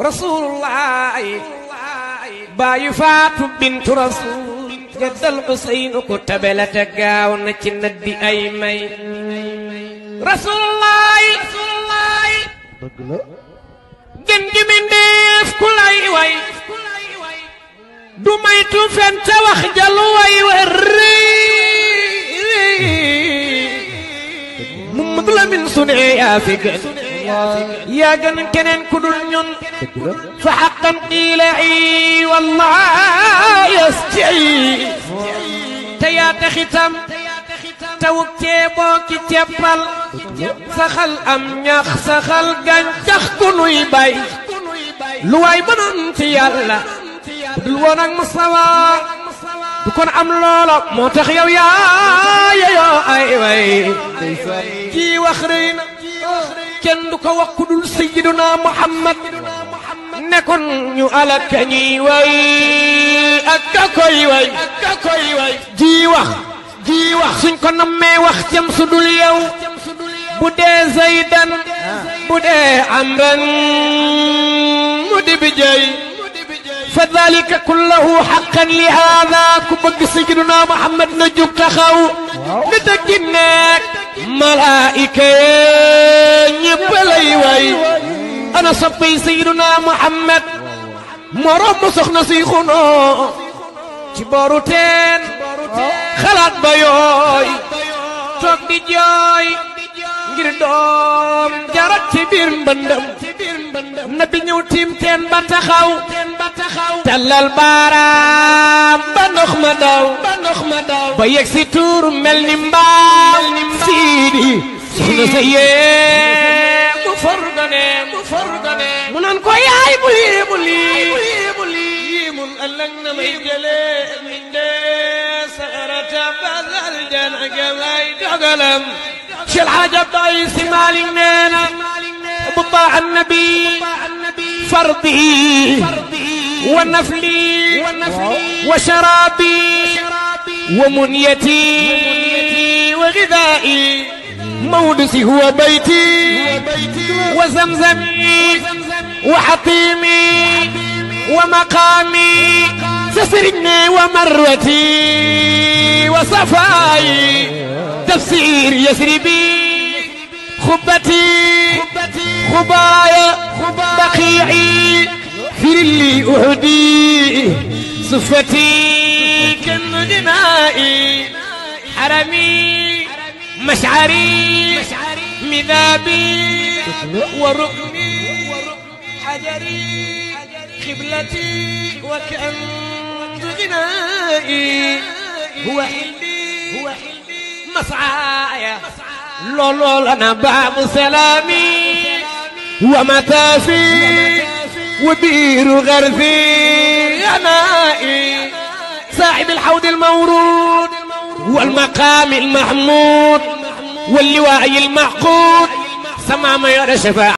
رسول الله باي فاطمه بنت رسول جد الحسين كتب لتكا ونكن الدي اي رسول الله رسول الله دنج من ديف كلاي واي دمي توفن تاوخ جلوي وري مم من صنع يا فقر يا جن جنكنن كدنن فحقا قيل والله يسجي تيا تختم توكي بوكي تيبل سخل ام يخ سخل جنجخ كنوي باي لواي بننت الله لوانا مصطفى بكون ام لولا مو تخيو يا يا يا اي واي كي وخرين kenn du ko wax ku dul sayyiduna Muhammad nekkoon ñu alal ka ñuy way wax ji wax suñ ko nammee wax jëm su dul yow bu dee Zaydan bu dee Amran mu di bi jëy fa dalika kullahu xaqan li haada ku bëgg sayyiduna Muhammad na jug taxaw nit ak jinne ak malaayika soxna soppay sayyiduna Muhammad morom mu soxna si ci booru xalaat ba yooy toog di jooy ngir doom jarat ci biir mbëndëm nabi ñëw tiim teen ba taxaw tallal baaraam ba ndox daw ba yegg tuur mel ni mbaaw siidi soxna sa man ko yaay buli buli buli mun ëllëg na may jëlee min dee saxarata basal jana galay dogalam Cheikh El Hadj Abdoulaye Sy Malick nee na بطاع النبي فرضي ونفلي وشرابي ومنيتي وغذائي مودسي هو بيتي وزمزمي وحطيمي ومقامي سسرني ومرتي وصفاي تفسير يسربي خبتي خبايا بقيعي في اللي أهدي صفتي كم دمائي حرمي مشعري مذابي ورقمي حجري خبلتي وكأنز غنائي هو حلمي هو حلمي مسعايا لولو لنا باب سلامي ومتافي وبير غرفي أنائي صاحب الحوض المورود والمقام المحمود واللواء المعقود سمع ما يرى شفاعة